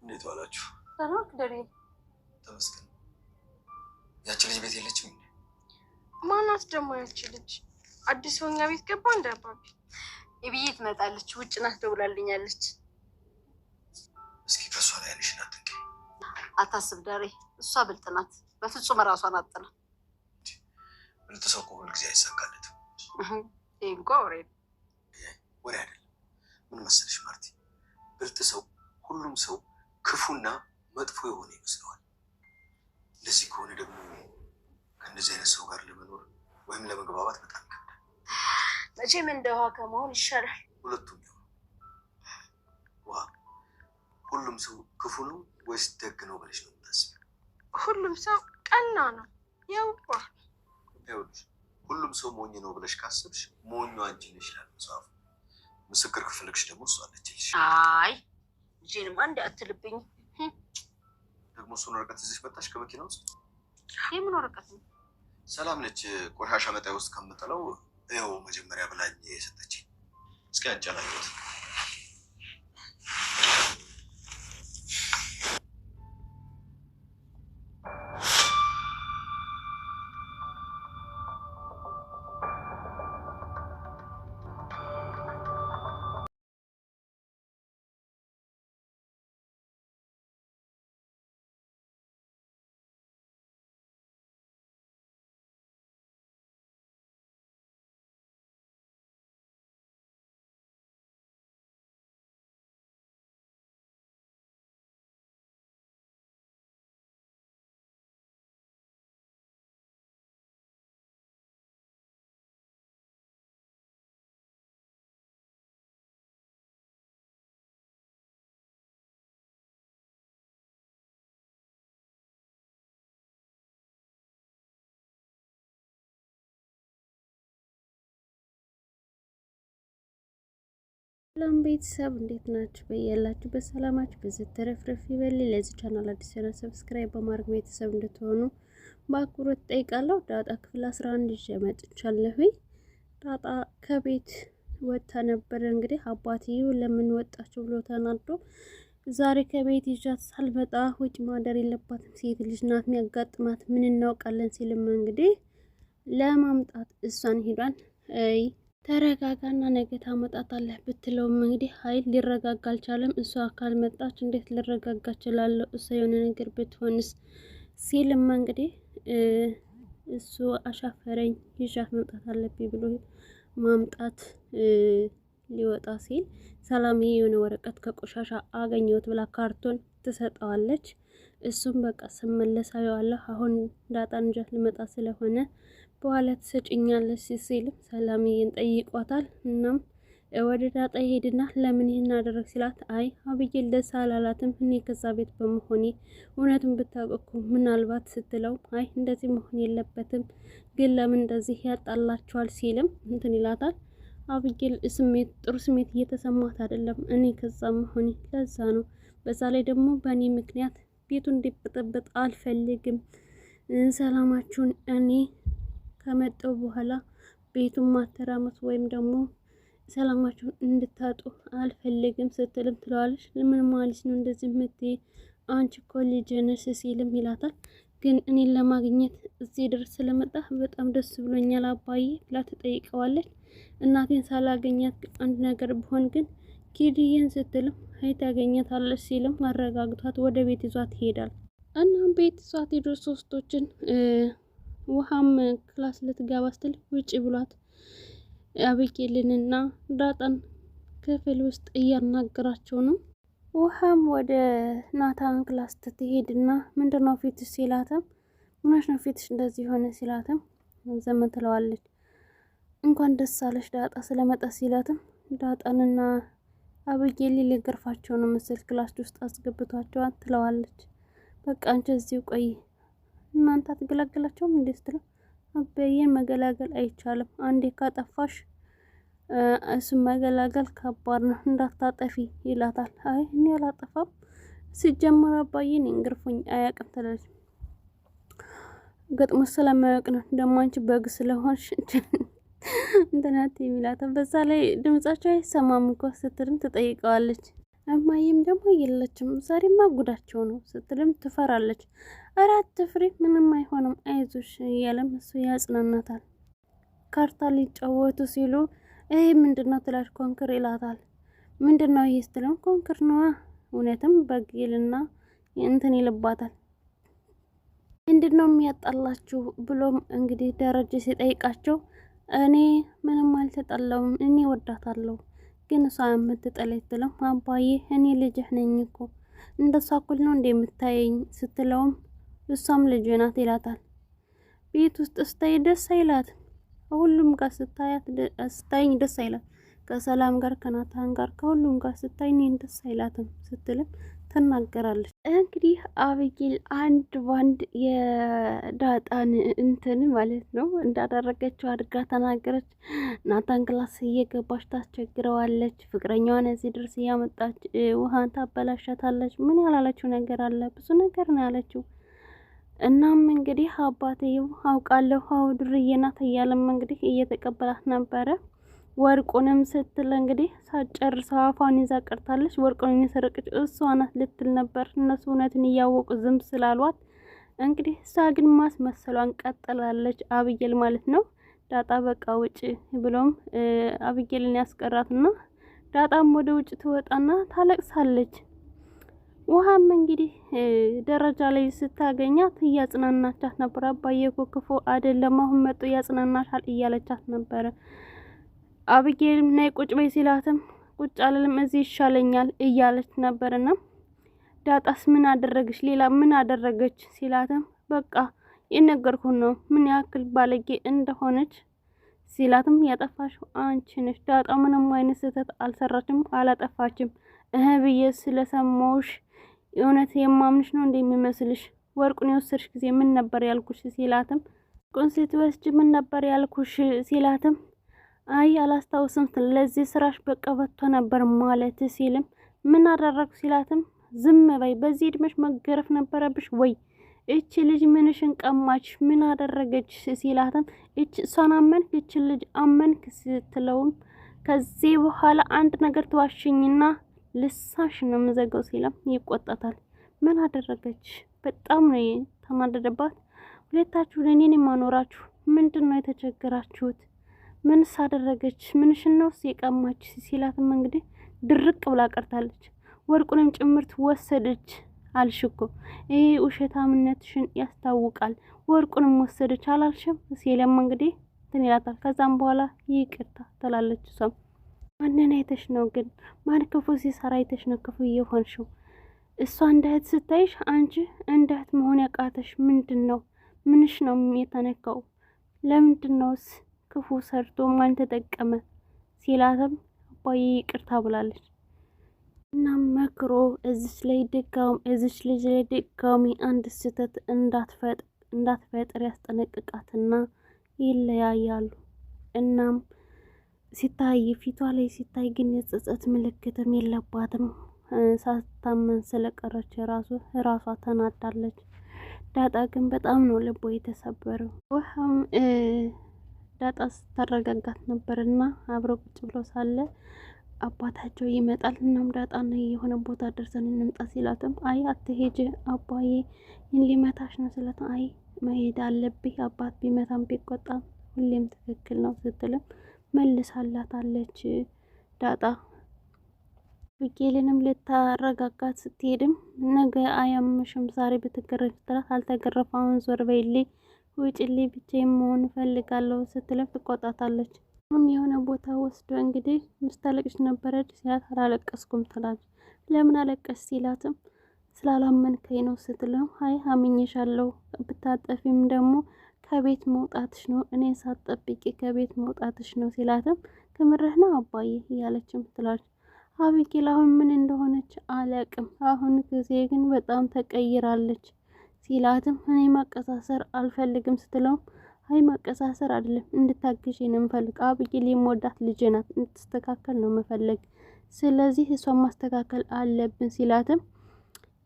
እንዴት ዋላችሁ? ተመስገን። ያቺ ልጅ ቤት የለችም። ማናት ደግሞ ያቺ ልጅ? አዲስ ሆኛ ቤት ገባ እንደ አባቢ ብዬ ትመጣለች። ውጭ ናት፣ ደውላልኛለች። እስኪ ከእሷ ላይ ያለሽን አትንገኝ። አታስብ ዳሬ፣ እሷ ብልጥ ናት። በፍጹም እራሷን አጥና ብልጥ ሰው ሁል ጊዜ አይሳካለትም። ይህ እንኳ ወሬ ወሬ አይደለም። ምን መሰለሽ ማርቲ ብልጥ ሰው ሁሉም ሰው ክፉና መጥፎ የሆነ ይመስለዋል። እንደዚህ ከሆነ ደግሞ ከእንደዚህ አይነት ሰው ጋር ለመኖር ወይም ለመግባባት በጣም ይከብዳል። መቼም እንደ ውሃ ከመሆን ይሻላል። ሁለቱም ውሃ ሁሉም ሰው ክፉ ነው ወይስ ደግ ነው ብለሽ ነው የምታስቢው? ሁሉም ሰው ቀና ነው የውባ ሁሉም ሰው ሞኝ ነው ብለሽ ካሰብሽ ሞኙ አንቺ ነሽ ይላል መጽሐፉ። ምስክር ክፍልክሽ ደግሞ እሷ አለችልሽ። አይ ልጄንማ አትልብኝ። ደግሞ እሱን ወረቀት እዚህ መጣሽ ከመኪና ውስጥ የምን ወረቀት ነው? ሰላም ነች ቆሻሻ መጣይ ውስጥ ከምጥለው ይኸው መጀመሪያ ብላኝ የሰጠችኝ። እስኪ አጫላለት ሰላም ቤተሰብ እንዴት ናችሁ? በያላችሁ በሰላማችሁ በዚህ ተረፍረፍ ይበል። ለዚህ ቻናል አዲስ ሆና ሰብስክራይብ በማድረግ ቤተሰብ እንድትሆኑ በአክብሮት ጠይቃለሁ። ዳጣ ክፍል 11 ይዤ መጥቻለሁኝ። ዳጣ ከቤት ወጥታ ነበረ። እንግዲህ አባትዬው ለምን ወጣችሁ ብሎ ተናዶ ዛሬ ከቤት ይዣት ሳልመጣ ውጭ ማደር የለባትም ሴት ልጅ ናት፣ የሚያጋጥማት ምን እናውቃለን ሲልም እንግዲህ ለማምጣት እሷን ሄዷል። ተረጋጋና ነገ ታመጣታለህ ብትለውም እንግዲህ ሀይል ሊረጋጋ አልቻለም። እሷ መጣች እንዴት ልረጋጋ እችላለሁ? እሷ የሆነ ነገር ብትሆንስ ሲልም እንግዲህ እሱ አሻፈረኝ ይዣት መምጣት አለብኝ ብሎ ማምጣት ሊወጣ ሲል ሰላም የሆነ ወረቀት ከቆሻሻ አገኘሁት ብላ ካርቶን ትሰጠዋለች። እሱም በቃ ስመለስ አየዋለሁ አሁን ዳጣ ንጃት ልመጣ ስለሆነ በኋላ ትሰጭኛለች ሲልም ሰላምዬን ጠይቋታል። እናም ወደ ዳጣ ይሄድና ለምን ይህን አደረግ ሲላት አይ አብዬ ደስ አላላትም እኔ ከዛ ቤት በመሆኔ እውነቱን ብታውቅኩ ምናልባት ስትለው አይ እንደዚህ መሆን የለበትም ግን ለምን እንደዚህ ያጣላቸዋል ሲልም እንትን ይላታል። አብጌል ስሜት ጥሩ ስሜት እየተሰማት አይደለም። እኔ ከዛ መሆኔ ለዛ ነው። በዛ ላይ ደግሞ በእኔ ምክንያት ቤቱ እንዲበጠበጥ አልፈልግም። ሰላማችሁን እኔ ከመጣው በኋላ ቤቱን ማተራመስ ወይም ደግሞ ሰላማችሁን እንድታጡ አልፈልግም ስትልም ትለዋለች። ለምን ማለት ነው እንደዚህ የምትይ አንቺ እኮ ልጄ ነሽ ሲልም ይላታል። ግን እኔን ለማግኘት እዚህ ድረስ ስለመጣ በጣም ደስ ብሎኛል አባዬ ብላ ትጠይቀዋለች። እናቴን ሳላገኛት አንድ ነገር ብሆን ግን ኪድዬን ስትልም ሀይ ያገኘታለች ሲልም አረጋግቷት ወደ ቤት ይዟት ይሄዳል። እናም ቤት ይዟት ሄዶ ሶስቶችን ውሃም ክላስ ልትገባ ስትል ውጭ ብሏት አብጌልንና ዳጣን ክፍል ውስጥ እያናገራቸው ነው። ውሃም ወደ ናታን ክላስ ትሄድና ምንድነው ፊትሽ ሲላትም ምናሽ ነው ፊትሽ እንደዚህ የሆነ ሲላትም ዘመ ትለዋለች። እንኳን ደስ አለሽ ዳጣ ስለመጣ ሲላትም ዳጣንና አብጌል ሊገርፋቸው ነው ምስል ክላስ ውስጥ አስገብቷቸዋል ትለዋለች። በቃ አንቺ እዚሁ ቆይ እናንተ አትገላገላቸውም እንዴ ስትለው አበየን መገላገል አይቻልም። አንዴ ካጠፋሽ እሱ መገላገል ከባድ ነው እንዳታጠፊ ይላታል። አይ እኔ አላጠፋም ሲጀመር አባዬን እንግርፎኝ አያውቅም ትላለች። ገጥሞ ስለማያውቅ ነው ደግሞ አንቺ በግ ስለሆንሽ እንትናት የሚላታል። በዛ ላይ ድምጻቸው አይሰማም እኮ ስትልም ትጠይቀዋለች። እማዬም ደግሞ የለችም ዛሬማ ጉዳቸው ነው ስትልም ትፈራለች። አራት ፍሬ ምንም አይሆንም አይዞሽ እያለም እሱ ያጽናናታል። ካርታ ሊጫወቱ ሲሉ ይሄ ምንድን ነው ትላሽ ኮንክር ይላታል። ምንድን ነው ይህ ስትለው ኮንክር ነዋ። እውነትም በጊልና እንትን ይልባታል። ምንድን ነው የሚያጣላችሁ ብሎም እንግዲህ ደረጀ ሲጠይቃቸው እኔ ምንም አልተጠላውም እኔ ወዳታለሁ ግን እሷ የምትጠለኝ ስትለው አባዬ እኔ ልጅህ ነኝ እኮ እንደሷ እኩል ነው እንደ የምታየኝ ስትለውም እሷም ልጄ ናት ይላታል። ቤት ውስጥ ስታይ ደስ አይላት፣ ሁሉም ጋር ስታይኝ ደስ አይላት፣ ከሰላም ጋር ከናታን ጋር ከሁሉም ጋር ስታይ እኔን ደስ አይላትም ስትልም ትናገራለች። እንግዲህ አብጊል አንድ ባንድ የዳጣን እንትን ማለት ነው እንዳደረገችው አድርጋ ተናገረች። ናታን ክላስ እየገባች ታስቸግረዋለች። ፍቅረኛዋን እዚህ ድረስ እያመጣች ውሃን ታበላሻታለች። ምን ያላለችው ነገር አለ? ብዙ ነገር ነው ያለችው። እናም እንግዲህ አባትየው አውቃለሁ አዎ ዱርዬ ናት እያለም እንግዲህ እየተቀበላት ነበረ። ወርቁንም ስትል እንግዲህ ሳጨርሰው አፏን ይዛ ቀርታለች። ወርቁን የሰረቀች እሷ ናት ልትል ነበር እነሱ እውነትን እያወቁ ዝም ስላሏት እንግዲህ እሷ ግን ማስመሰሏን ቀጥላለች። አብየል ማለት ነው ዳጣ በቃ ውጭ ብሎም አብየልን ያስቀራትና ዳጣም ወደ ውጭ ትወጣና ታለቅሳለች። ውሃም እንግዲህ ደረጃ ላይ ስታገኛት እያጽናናቻት ነበር። አባዬ እኮ ክፉ አይደለም አሁን መጡ እያጽናናሻል እያለቻት ነበረ። አብጌል ነይ ቁጭ በይ ሲላትም ቁጭ አልልም እዚህ ይሻለኛል እያለች ነበርና ዳጣስ ምን አደረገች ሌላ ምን አደረገች ሲላትም በቃ የነገርኩን ነው ምን ያክል ባለጌ እንደሆነች ሲላትም ያጠፋሽው አንቺ ነሽ ዳጣ ምንም አይነት ስህተት አልሰራችም አላጠፋችም እህ ብዬ ስለሰማሁሽ የእውነት የማምንሽ ነው እንደ የሚመስልሽ? ወርቁን የወሰድሽ ጊዜ ምን ነበር ያልኩሽ ሲላትም ቁንሴት ስትወስጂ ምን ነበር ያልኩሽ ሲላትም አይ አላስታውስም፣ ለዚህ ስራሽ በቀበቶ ነበር ማለት ሲልም ምን አደረግኩ ሲላትም ዝም በይ፣ በዚህ እድሜሽ መገረፍ ነበረብሽ ወይ? እች ልጅ ምንሽን ቀማች? ምን አደረገች ሲላትም እች እሷን አመንክ፣ እች ልጅ አመንክ ስትለውም ከዚህ በኋላ አንድ ነገር ትዋሽኝና ልሳሽ ነው የምዘጋው ሲላም ይቆጣታል። ምን አደረገች? በጣም ነው ተናደደባት። ሁለታችሁ ለእኔን የማኖራችሁ ምንድን ነው የተቸገራችሁት? ምንስ አደረገች? ሽነው ነውስ የቀማች ሲላትም እንግዲህ ድርቅ ብላ ቀርታለች። ወርቁንም ጭምርት ወሰደች አልሽ እኮ ይሄ ውሸታምነትሽን ያስታውቃል። ወርቁንም ወሰደች አላልሽም? ሲለም እንግዲህ እንትን ይላታል። ከዛም በኋላ ይቅርታ ትላለች እሷም ማንን አይተሽ ነው ግን? ማን ክፉ ሲሰራ አይተሽ ነው ክፉ እየሆንሽው? እሷ እንደ እህት ስታይሽ አንቺ እንደ እህት መሆን ያቃተሽ ምንድን ነው? ምንሽ ነው የተነካው? ለምንድን ነውስ ክፉ ሰርቶ ማን ተጠቀመ? ሲላትም አባዬ ይቅርታ ብላለች። እናም መክሮ እዚች ላይ ድጋሚ እዚች ልጅ ላይ ድጋሚ አንድ ስህተት እንዳትፈጥር ያስጠነቅቃትና ይለያያሉ። እናም ሲታይ ፊቷ ላይ ሲታይ ግን የጸጸት ምልክትም የለባትም። ሳታመን ስለቀረች ራሱ ራሷ ተናዳለች። ዳጣ ግን በጣም ነው ልቦ የተሰበረው። ውሃም ዳጣ ስታረጋጋት ነበር እና አብረው ቁጭ ብሎ ሳለ አባታቸው ይመጣል። እናም ዳጣና የሆነ ቦታ ደርሰን እንምጣ ሲላትም አይ አትሄጅ አባዬ ሊመታሽ ነው ስለት አይ መሄድ አለብኝ አባት ቢመታም ቢቆጣም ሁሌም ትክክል ነው ስትልም መልሳላታለች። ዳጣ ሚካኤልንም ልታረጋጋት ስትሄድም ነገ አያምሽም ዛሬ ብትገረፍ ትላት አልተገረፋውን ዞር በይሌ ውጭሌ ብቻዬን መሆን እፈልጋለሁ ስትልም ትቆጣታለች። ሁም የሆነ ቦታ ወስዶ እንግዲህ ምስታለቅሽ ነበረች ሲላት አላለቀስኩም ትላለች። ለምን አለቀስ ሲላትም ስላላመንከኝ ነው ስትልም አይ አምኜሻለሁ ብታጠፊም ደግሞ ከቤት መውጣትሽ ነው እኔ ሳትጠብቂ ከቤት መውጣትሽ ነው ሲላትም ነው አባዬ እያለችም ትላለች። አቢጌል አሁን ምን እንደሆነች አላቅም፣ አሁን ጊዜ ግን በጣም ተቀይራለች ሲላትም እኔ ማቀሳሰር አልፈልግም ስትለውም አይ ማቀሳሰር አይደለም እንድታግዥ ነው የምፈልግ። አቢጌል የምወዳት ልጄ ናት፣ እንድትስተካከል ነው መፈለግ። ስለዚህ እሷን ማስተካከል አለብን ሲላትም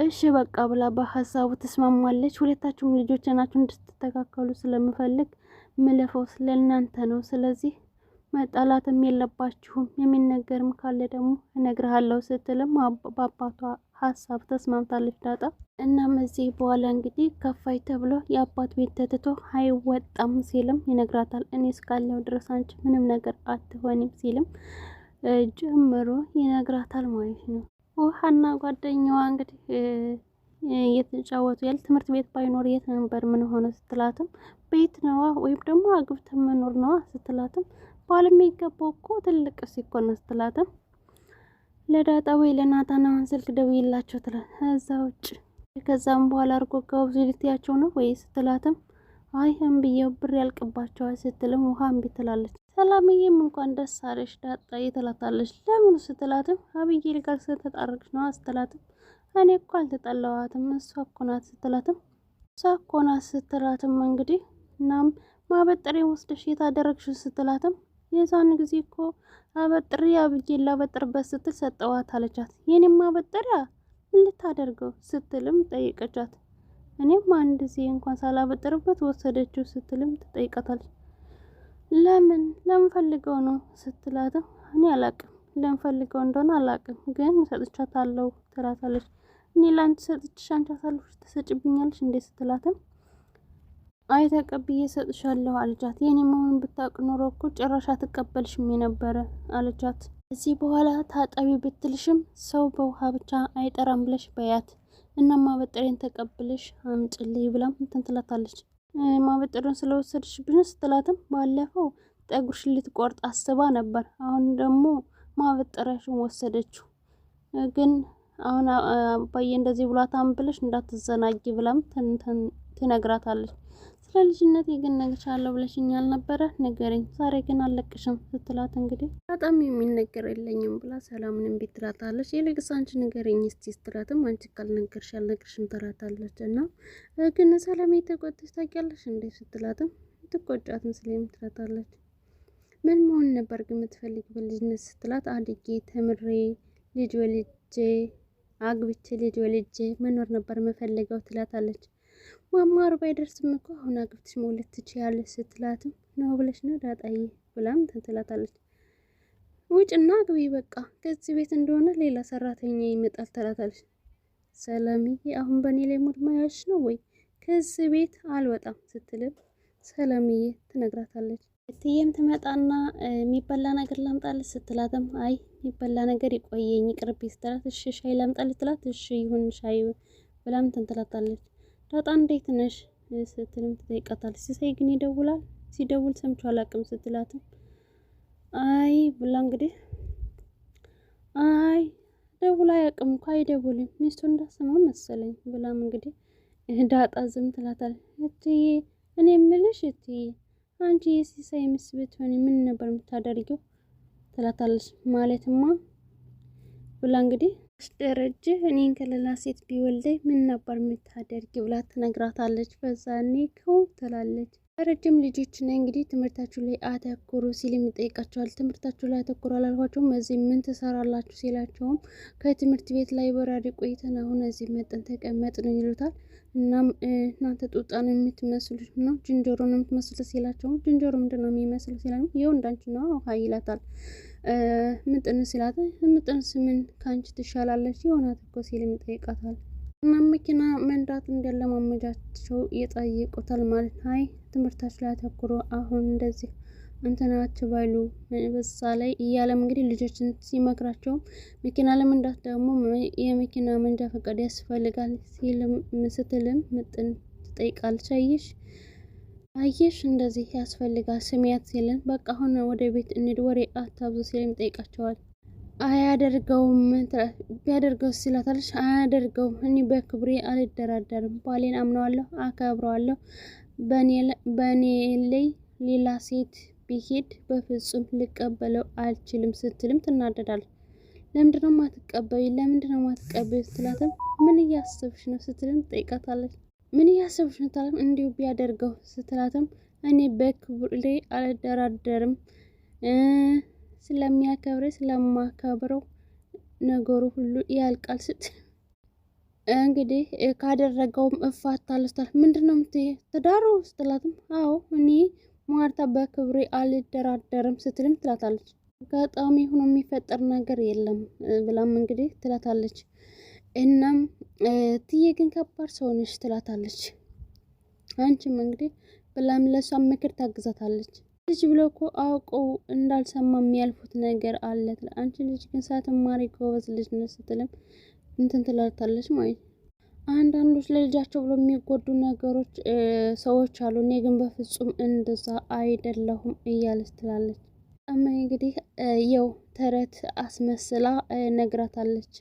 እሺ በቃ ብላ በሀሳቡ ትስማማለች። ሁለታችሁም ልጆች ናችሁ፣ እንድትተካከሉ ስለምፈልግ ምለፈው ስለእናንተ ነው። ስለዚህ መጠላትም የለባችሁም፣ የሚነገርም ካለ ደግሞ እነግርሃለሁ ስትልም በአባቷ ሀሳብ ተስማምታለች ዳጣ። እናም እዚህ በኋላ እንግዲህ ከፋይ ተብሎ የአባት ቤት ተትቶ አይወጣም ሲልም ይነግራታል። እኔ እስካለው ድረስ አንቺ ምንም ነገር አትሆንም ሲልም ጀምሮ ይነግራታል ማለት ነው። ውሃና ጓደኛዋ እንግዲህ እየተጫወቱ ያለ ትምህርት ቤት ባይኖር የት ነበር ምን ሆነ ስትላትም ቤት ነዋ ወይም ደግሞ አግብተ መኖር ነዋ ስትላትም ባል የሚገባው እኮ ትልቅ ሲኮነ ስትላትም ለዳጣ ወይ ለናታን አሁን ስልክ ደውይላቸው ትላት። እዛ ውጭ ከዛም በኋላ አድርጎ ጋብዞ ልትያቸው ነው ወይ ስትላትም አይህም ብዬው ብር ያልቅባቸዋል ስትልም ውሃ እምቢ ትላለች። ሰላምዬም እንኳን ደስ አለሽ ዳጣዬ ትላታለች። ለምኑ ስትላትም አብዬ ጋር ስለተጣረቅሽ ነዋ ስትላትም እኔ እኮ አልተጠላዋትም እሷ እኮ ናት ስትላትም እሷ እኮ ናት ስትላትም እንግዲህ እናም ማበጠሬ ወስደሽ የታደረግሽ ስትላትም የዛን ጊዜ እኮ አበጥሬ አብዬን ላበጥርበት ስትል ሰጠዋት አለቻት። የኔም አበጠሪያ ምን ልታደርገው ስትልም ጠየቀቻት። እኔም አንድ ጊዜ እንኳን ሳላበጥርበት ወሰደችው ስትልም ትጠይቃታለች። ለምን ለምን ፈልገው ነው ስትላትም እኔ አላቅም ለምን ፈልገው እንደሆነ አላቅም፣ ግን ሰጥቻታለሁ ትላታለች። እኔ ለአንቺ ሰጥችሽ አንቺ አሳልፈሽ ትሰጭብኛለሽ እንዴ ስትላትም አይ ተቀብዬ ሰጥሻለሁ አለቻት። የኔ መሆን ብታውቅ ኖሮ እኮ ጭራሽ አትቀበልሽም የነበረ አለቻት። እዚህ በኋላ ታጠቢ ብትልሽም ሰው በውሃ ብቻ አይጠራም ብለሽ በያት እና ማበጠሬን ተቀብለሽ አምጭልኝ ብላም እንትን ትላታለች። ማበጠሪያን ስለወሰድሽ ብን ስትላትም ባለፈው ጠጉርሽ ልትቆርጥ አስባ ነበር፣ አሁን ደግሞ ማበጠሪያሽን ወሰደችው። ግን አሁን አባዬ እንደዚህ ብሏታም ብለሽ እንዳትዘናጊ ብላም ትነግራታለች። ስለ ልጅነቴ ግን ነግርሻለሁ ብለሽኛል ነበረ ነገረኝ፣ ዛሬ ግን አለቅሽም ስትላት እንግዲህ በጣም የሚነገር የለኝም ብላ ሰላምን እምቢ ትላታለች። ይልቅስ አንቺ ንገረኝ እስቲ ስትላትም አንቺ ካልነገርሽ አልነግርሽም ትላታለች። እና ግን ሰላም ተቆጥተሽ ታውቂያለሽ እንዴ ስትላትም ትቆጫትም ስለሚ ትላታለች። ምን መሆን ነበር ግን የምትፈልግ በልጅነት ስትላት አድጌ ተምሬ ልጅ ወልጄ አግብቼ ልጅ ወልጄ መኖር ነበር መፈለገው ትላታለች። ማማ አርባ አይደርስም እኮ አሁን አግብተሽ መውለድ ትችያለሽ ስትላትም ነው ብለሽ ነው ዳጣዬ ብላም ትንትላታለች። ውጭና ግቢ በቃ ከዚህ ቤት እንደሆነ ሌላ ሰራተኛ ይመጣል ትላታለች። ሰላምዬ አሁን በእኔ ላይ ሙድ መያሽ ነው ወይ ከዚህ ቤት አልወጣም ስትልም ሰላምዬ ትነግራታለች። እትዬም ትመጣና የሚበላ ነገር ላምጣልሽ ስትላትም አይ የሚበላ ነገር ይቆየኝ ይቅርብ ስትላት እሺ ሻይ ላምጣልሽ ስትላት እሺ ይሁን ሻይ ብላም ትንትላታለች። ዳጣ እንዴት ነሽ ስትልም ትጠይቃታለች። ሲሳይ ግን ይደውላል። ሲደውል ሰምቼው አላውቅም ስትላትም አይ ብላ እንግዲህ አይ ደውላ አያውቅም እኮ አይደውልም ሚስቱ እንዳሰማ መሰለኝ ብላም እንግዲህ ዳጣ ዝም ትላታል። እትዬ እኔ የምልሽ እትዬ አንቺ የሲሳይ ሚስት ብትሆን ምን ነበር የምታደርጊው? ትላታለች ማለትማ ብላ እንግዲህ ደረጀ እኔን ከሌላ ሴት ቢወልደኝ ምን ነበር የምታደርጊ ብላ ትነግራታለች። በዛኔ ከው ትላለች። ረጅም ልጆች ና እንግዲህ ትምህርታችሁ ላይ አተኩሩ ሲልም ይጠይቃቸዋል። ትምህርታችሁ ላይ አተኩሩ አላልኳቸውም እዚህ ምን ትሰራላችሁ ሲላቸውም ከትምህርት ቤት ላይ በራሪ ቆይተን አሁን እዚህ መጠን ተቀመጥን ይሉታል። እናም እናንተ ጦጣን የምትመስሉት ነው ዝንጀሮን የምትመስሉት ሲላቸውም ዝንጀሮ ምንድን ነው የሚመስል ሲላ የወንዳንች እንዳንቺ ነው ይላታል። ምጥን ሲላት ምጥንስ ምን ከአንቺ ትሻላለች የሆናት እኮ ሲልም ይጠይቃታል። እና መኪና መንዳት እንደለማመጃቸው ይጠይቁታል ማለት አይ ትምህርታች ላይ አተኩሮ አሁን እንደዚህ እንትናቸው ባይሉ በዛ ላይ እያለም እንግዲህ ልጆችን ሲመክራቸው መኪና ለመንዳት ደግሞ የመኪና መንጃ ፈቃድ ያስፈልጋል ሲልም ስትልም ምጥን ትጠይቃለች። አየሽ አየሽ እንደዚህ ያስፈልጋል ስሚያት ሲልን በቃ አሁን ወደ ቤት እንሂድ ወሬ አታብዙ ሲልም ጠይቃቸዋል። አያደርገውም ቢያደርገው ሲላታለች። አያደርገውም እኔ በክብሬ አልደራደርም፣ ባሌን አምነዋለሁ፣ አከብረዋለሁ። በእኔ ላይ ሌላ ሴት ቢሄድ በፍጹም ልቀበለው አልችልም ስትልም ትናደዳለች። ለምንድነው ማትቀበዩ? ለምንድነው ማትቀበይ ስትላትም ምን እያሰብሽ ነው ስትልም ጠይቃታለች። ምን እያሰብሽ ነው ታለም እንዲሁ ቢያደርገው ስትላትም እኔ በክብሬ አልደራደርም ስለሚያከብረ ስለማከብረው ነገሩ ሁሉ ያልቃል ስት እንግዲህ ካደረገውም እፋታለሁ ስትላት ምንድን ነው የምትይው ትዳሩ ስትላትም አዎ እኔ ማርታ በክብሬ አልደራደርም ስትልም ትላታለች። አጋጣሚ ሆኖ የሚፈጠር ነገር የለም ብላም እንግዲህ ትላታለች። እናም ትዬ ግን ከባድ ሰው ነሽ ትላታለች። አንቺም እንግዲህ ብላም ለሷ ምክር ታግዛታለች። ልጅ ብሎ እኮ አውቀው እንዳልሰማ የሚያልፉት ነገር አለ። አንቺ ልጅ ግን ሳትማሪ ጎበዝ ልጅ ነሽ ስትልም እንትን ትላታለች ማለት ነው። አንዳንዶች ለልጃቸው ብሎ የሚጎዱ ነገሮች ሰዎች አሉ። እኔ ግን በፍጹም እንደዛ አይደለሁም እያለች ትላለች። እማ እንግዲህ የው ተረት አስመስላ ነግራታለች።